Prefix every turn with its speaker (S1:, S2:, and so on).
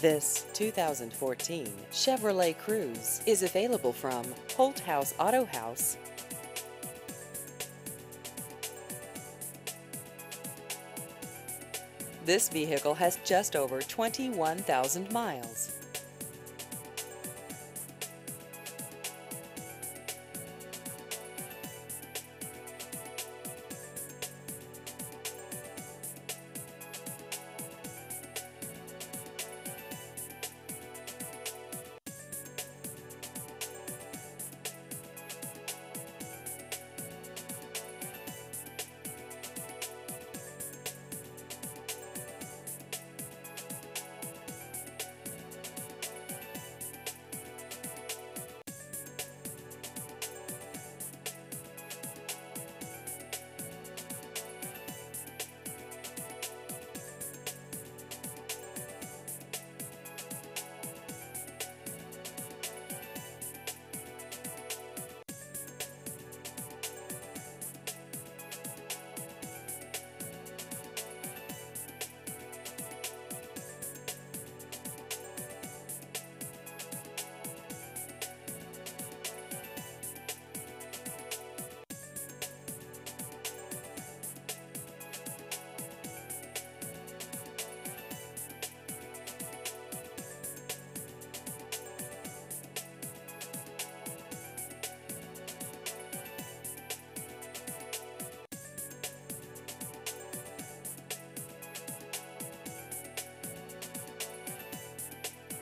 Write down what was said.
S1: This 2014 Chevrolet Cruze is available from
S2: Holt House Auto House. This vehicle has just over 21,000 miles.